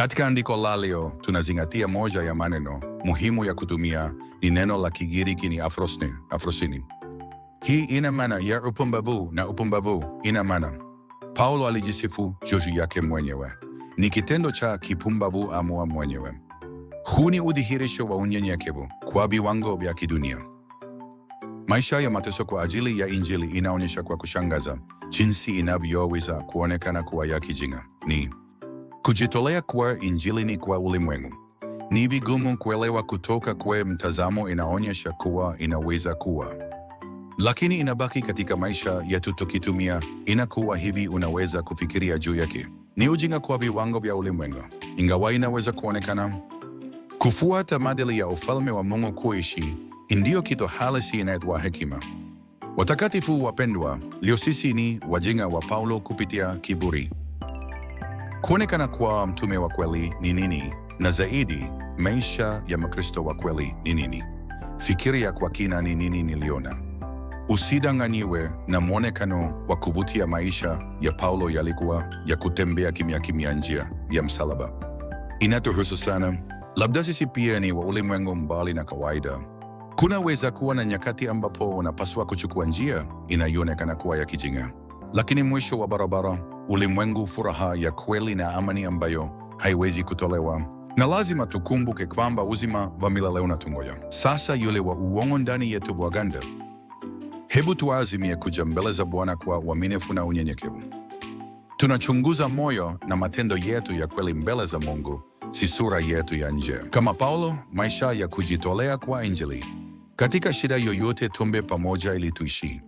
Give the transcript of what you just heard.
Katika andiko la leo tunazingatia moja ya maneno muhimu ya kutumia ni neno la Kigiriki ni afrosne, afrosini. Hii ina maana ya upumbavu na upumbavu ina maana Paulo alijisifu juu yake mwenyewe, ni kitendo cha kipumbavu amua mwenyewe. Huu ni udhihirisho wa unyenyekevu kwa viwango vya kidunia. Maisha ya mateso kwa ajili ya Injili inaonyesha kwa kushangaza jinsi inavyoweza kuonekana kuwa ya kijinga ni Kujitolea kwa Injili ni kwa ulimwengu. Ni vigumu kuelewa kutoka kwa mtazamo inaonyesha kuwa inaweza kuwa, lakini inabaki katika maisha yetu tukitumia. Inakuwa hivi, unaweza kufikiria juu yake. Ni ujinga kwa viwango vya ulimwengu, ingawa inaweza kuonekana. Kufuata maadili ya ufalme wa Mungu kuishi ndiyo kitu halisi inaitwa hekima. Watakatifu wapendwa, leo sisi ni wajinga wa Paulo kupitia kiburi. Kuonekana kwa mtume wa kweli ni nini, na zaidi, maisha ya Mkristo wa kweli ni nini? Fikiria kwa kina ni nini niliona. Usidanganyiwe na mwonekano wa kuvutia. Maisha ya Paulo yalikuwa ya kutembea kimya kimya njia ya msalaba. Inatuhusu sana. Labda sisi pia ni wa ulimwengu mbali na kawaida. Kunaweza kuwa na nyakati ambapo unapaswa kuchukua njia inayoonekana kuwa ya kijinga. Lakini mwisho wa barabara, ulimwengu, furaha ya kweli na amani ambayo haiwezi kutolewa. Na lazima tukumbuke kwamba uzima wa milele unatungoja. Sasa yule wa uongo ndani yetu ganda hebu tuazimie kuja mbele za Bwana kwa uaminifu na unyenyekevu. Tunachunguza moyo na matendo yetu ya kweli mbele za Mungu, si sura yetu ya nje. Kama Paulo, maisha ya kujitolea kwa Injili. Katika shida yoyote, tumbe pamoja ili tuishi